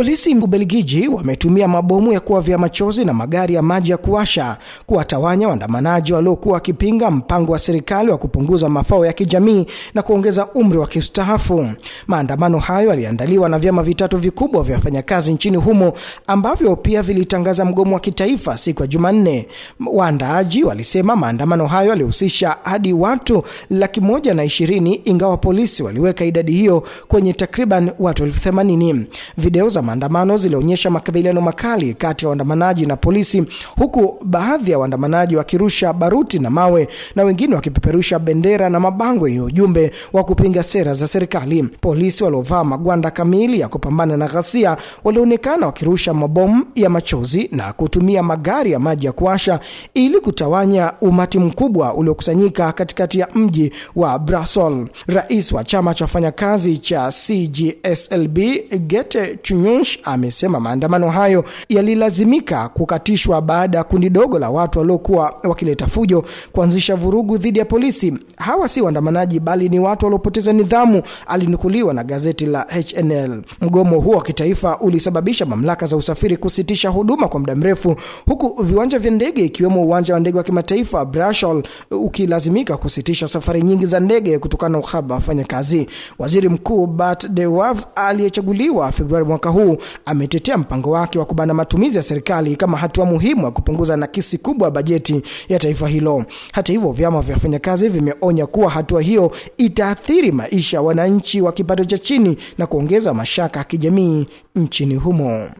Polisi Ubelgiji wametumia mabomu ya kuwavya machozi na magari ya maji ya kuwasha kuwatawanya waandamanaji waliokuwa wakipinga mpango wa serikali wa kupunguza mafao ya kijamii na kuongeza umri wa kistaafu Maandamano hayo yaliandaliwa na vyama vitatu vikubwa vya wafanyakazi nchini humo ambavyo pia vilitangaza mgomo wa kitaifa siku ya Jumanne. Waandaaji walisema maandamano hayo yalihusisha hadi watu laki moja na ishirini ingawa polisi waliweka idadi hiyo kwenye takriban watu elfu themanini. Video za maandamano zilionyesha makabiliano makali kati ya waandamanaji na polisi, huku baadhi ya waandamanaji wakirusha baruti na mawe na wengine wakipeperusha bendera na mabango yenye ujumbe wa kupinga sera za serikali. Polisi waliovaa magwanda kamili ya kupambana na ghasia walionekana wakirusha mabomu ya machozi na kutumia magari ya maji ya kuasha ili kutawanya umati mkubwa uliokusanyika katikati ya mji wa Brussels. Rais wa chama cha wafanyakazi cha CGSLB Gete Chunyu Lynch amesema maandamano hayo yalilazimika kukatishwa baada ya kundi dogo la watu waliokuwa wakileta fujo kuanzisha vurugu dhidi ya polisi. Hawa si waandamanaji, bali ni watu waliopoteza nidhamu, alinukuliwa na gazeti la HNL. Mgomo huo wa kitaifa ulisababisha mamlaka za usafiri kusitisha huduma kwa muda mrefu, huku viwanja vya ndege ikiwemo uwanja wa ndege wa kimataifa Brussels ukilazimika kusitisha safari nyingi za ndege kutokana na uhaba wafanyakazi. Waziri Mkuu Bart De Wever aliyechaguliwa Februari mwaka huu huu ametetea mpango wake wa kubana matumizi ya serikali kama hatua muhimu ya kupunguza nakisi kubwa ya bajeti ya taifa hilo. Hata hivyo, vyama vya wafanyakazi vimeonya kuwa hatua hiyo itaathiri maisha ya wananchi wa kipato cha chini na kuongeza mashaka ya kijamii nchini humo.